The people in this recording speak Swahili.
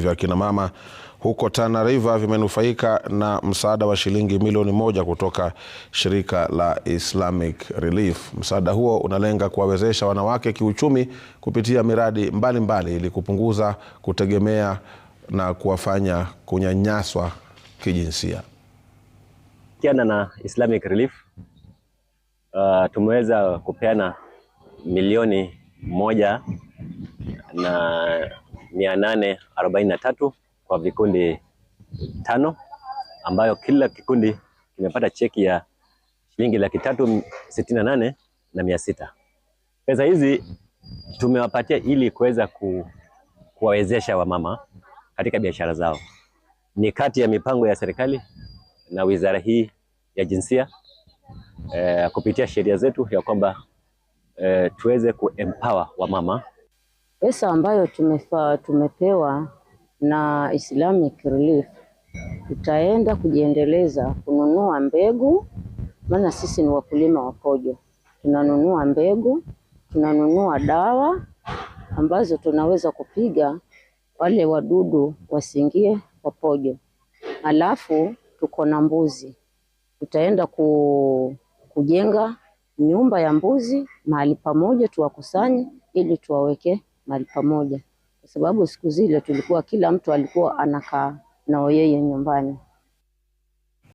vya akina mama huko Tana River vimenufaika na msaada wa shilingi milioni moja kutoka shirika la Islamic Relief. Msaada huo unalenga kuwawezesha wanawake kiuchumi kupitia miradi mbalimbali mbali ili kupunguza kutegemea na kuwafanya kunyanyaswa kijinsia. Kiana na Islamic Relief uh, tumeweza kupeana milioni moja na mia nane arobaini na tatu kwa vikundi tano ambayo kila kikundi kimepata cheki ya shilingi laki tatu sitini na nane na mia sita. Pesa hizi tumewapatia ili kuweza ku, kuwawezesha wamama katika biashara zao. Ni kati ya mipango ya serikali na wizara hii ya jinsia eh, kupitia sheria zetu ya kwamba eh, tuweze kuempower wamama Pesa ambayo tumefa, tumepewa na Islamic Relief tutaenda kujiendeleza kununua mbegu, maana sisi ni wakulima wa pojo. Tunanunua mbegu, tunanunua dawa ambazo tunaweza kupiga wale wadudu wasiingie kwa pojo. Alafu tuko na mbuzi, tutaenda ku, kujenga nyumba ya mbuzi mahali pamoja, tuwakusanye ili tuwaweke mahali pamoja, kwa sababu siku zile tulikuwa kila mtu alikuwa anakaa nao yeye nyumbani.